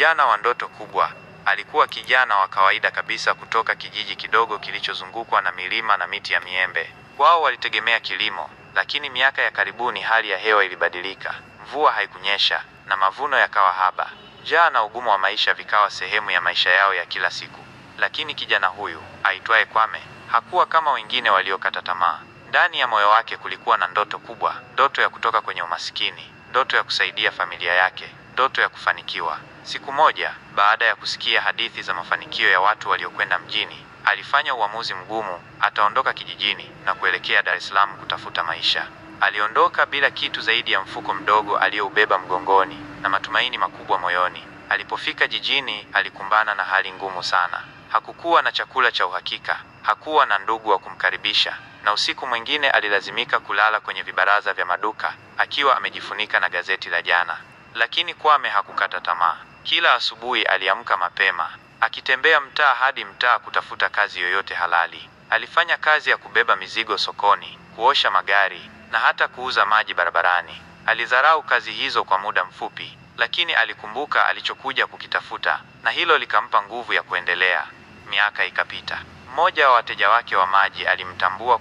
Kijana wa ndoto kubwa alikuwa kijana wa kawaida kabisa kutoka kijiji kidogo kilichozungukwa na milima na miti ya miembe. Wao walitegemea kilimo, lakini miaka ya karibuni hali ya hewa ilibadilika. Mvua haikunyesha na mavuno yakawa haba. Njaa na ugumu wa maisha vikawa sehemu ya maisha yao ya kila siku. Lakini kijana huyu aitwaye Kwame hakuwa kama wengine waliokata tamaa. Ndani ya moyo wake kulikuwa na ndoto kubwa, ndoto ya kutoka kwenye umasikini, ndoto ya kusaidia familia yake, ndoto ya kufanikiwa. Siku moja, baada ya kusikia hadithi za mafanikio ya watu waliokwenda mjini, alifanya uamuzi mgumu, ataondoka kijijini na kuelekea Dar es Salaam kutafuta maisha. Aliondoka bila kitu zaidi ya mfuko mdogo aliyoubeba mgongoni na matumaini makubwa moyoni. Alipofika jijini, alikumbana na hali ngumu sana. Hakukuwa na chakula cha uhakika, hakuwa na ndugu wa kumkaribisha, na usiku mwingine alilazimika kulala kwenye vibaraza vya maduka akiwa amejifunika na gazeti la jana. Lakini Kwame hakukata tamaa. Kila asubuhi aliamka mapema, akitembea mtaa hadi mtaa kutafuta kazi yoyote halali. Alifanya kazi ya kubeba mizigo sokoni, kuosha magari na hata kuuza maji barabarani. Alidharau kazi hizo kwa muda mfupi, lakini alikumbuka alichokuja kukitafuta na hilo likampa nguvu ya kuendelea. Miaka ikapita. Mmoja wa wateja wake wa maji alimtambua kwa